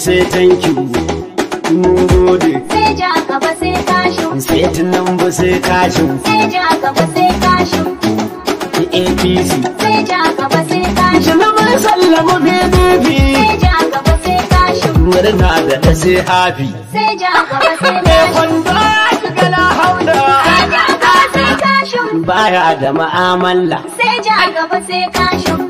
sai thank you mun gode sai ja gaba sai kashin sai nan ba sai kashin sai ja gaba sai kashin APC sai ja gaba sai kashin jama'a sallama BDP sai ja gaba sai kashin na da sai hafi sai ja gaba sai kashin baya da ma'amala sai ja gaba sai kashin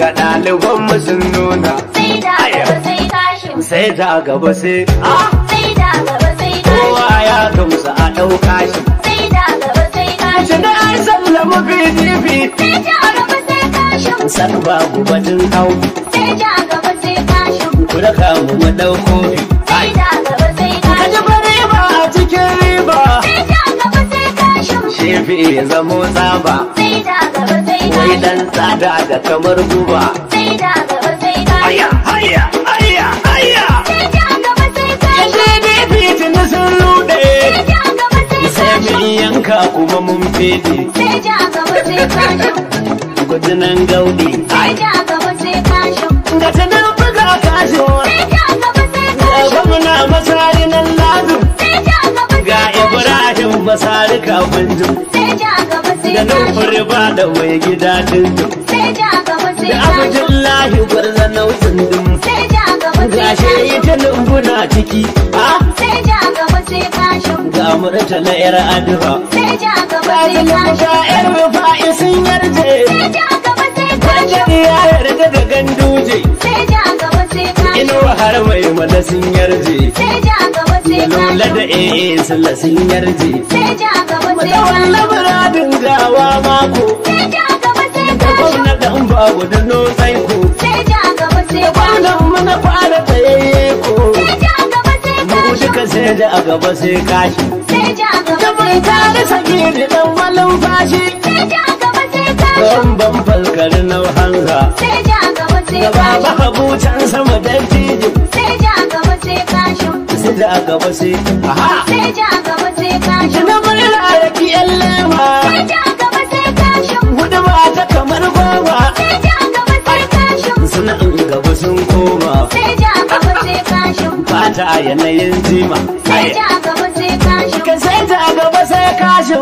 ga ɗaliban mu sun nuna sai da gaba sai tashi sai da gaba sai ah! Ah, sai da gaba sai tashi kowa ya gamsu a ɗauka shi sai da gaba sai tashi jama'ar sabla mu PDP sai da gaba sai tashi san babu batun hau sai da gaba sai tashi kula ka mu mu ɗau kofi sai da gaba sai tashi ka ji riba a cikin riba sai da gaba sai tashi shefi ya zamo tsaba sai da gaba wai dan tsada da kamar guba sai da gaba sai sai da gaba sai sun rude sai da gaba sai sai mun yanka kuma mun fede sai da gaba sai gaudi sai da gaba sai ga buga kashin. sai da gaba sai da gwamna masari nan ladu sai da gaba sai ga ibrahim masari kafin jin sai da nufar ba da mai gida dindin da abdullahi gwarza nausin din gashe ita lumbuna ciki ha ga murta na yar addu'a bayan mata yar rufa'i sun yarje Bajan ya yarda da ganduje Inuwa har mai mana sun yarje sai lola da eh sulla sun yarje sai ja gaba gawa mako sai gwamna ko mu duka a gaba sai kashi sai ja gaba sai da dan malam fashi ban ban falkar hanga da baba habu can sama dan tiji gaba sai ta a gaba sai aha sai ja gaba sai ka shi na murar araki yan lema. sai ja gaba sai ka shi hudu ba ta kamar goma sai ja gaba sai ka shi suna in gaba sun koma sai ja gaba sai ka shi ba ta a yanayin jima sai ja gaba sai ka shi ka sai ta a gaba sai ka shi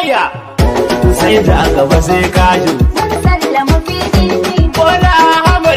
ayya sai ta a gaba sai ka shi sallama ne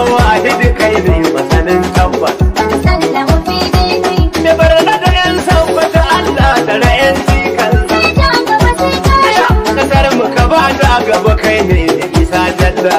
wahidi kai ne masanin tabba Sallamu fi daidai. Da da sabbata Allah da ra'yan cikin. gaba ta Kasar mu ka ba a gaba kai ne mai isa jalla.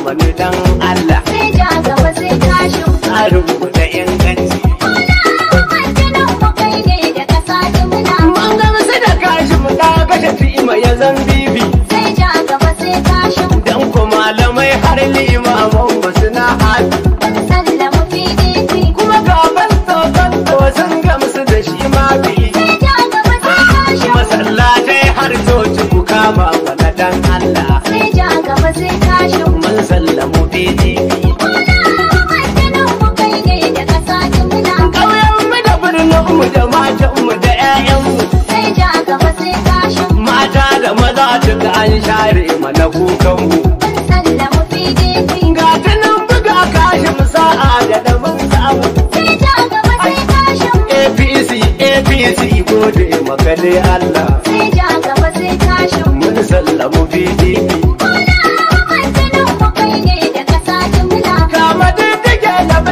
I'm ni dan gambo ga ta buga a kashin sa'a da ɗamin samu APC gode makale Allah sai ja gaba sai kashin mun sallamu PDP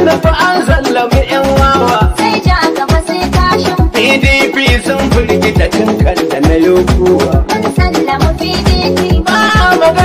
na fa an yan wawa. Sai ja gaba sai PDP sun firgita tun kan na yokuwa. An sallama PDP.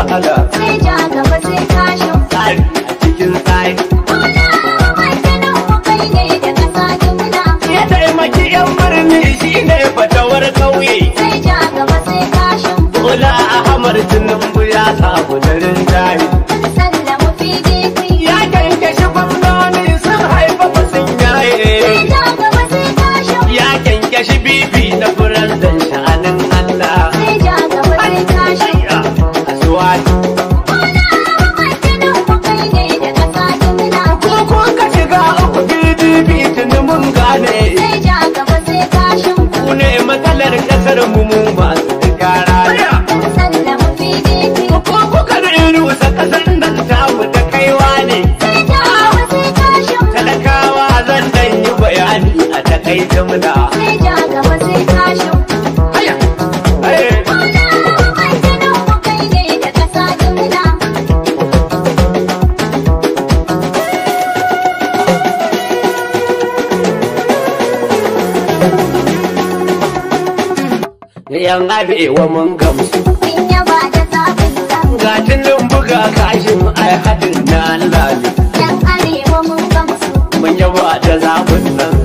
wahala sai ja gaba sai kashin tsari a cikin tsari Ola kai ne da kasa jumla Ya taimaki yan shi ne fatawar kauye Sai ja gaba sai Ahmad Tinubu ya sa gudarin yan arewa mun gamsu ga tunan buga kashin ai hadin na lalabi yan arewa mun gamsu mun yaba da zabun nan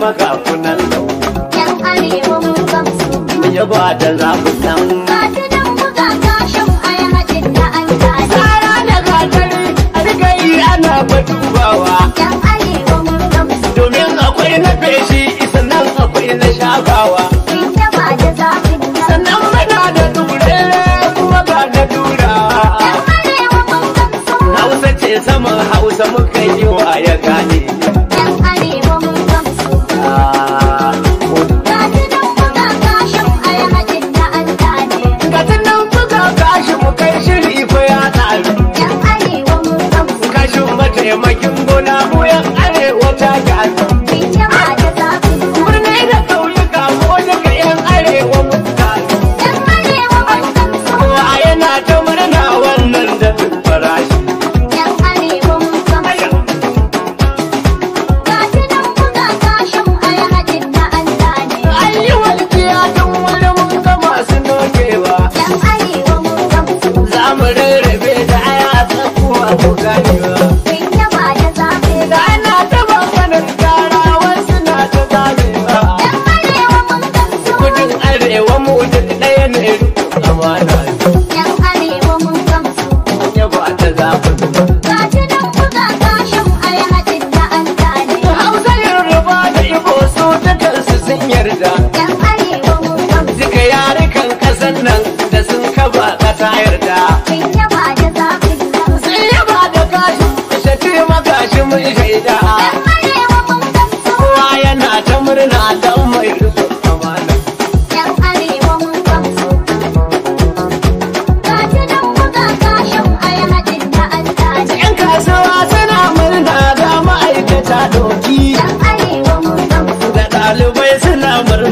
magafunan lau. Yan arewa mun gamsu. yaba da ta dan buga da da gatari a riga yi ana Yan arewa mun gamsu. Domin akwai na feshi sannan akwai na Sannan da dure kuma ba Hausa ce saman Hausa muka yi wa ya gane. Yan arewa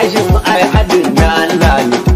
hashim ai hadin na Allah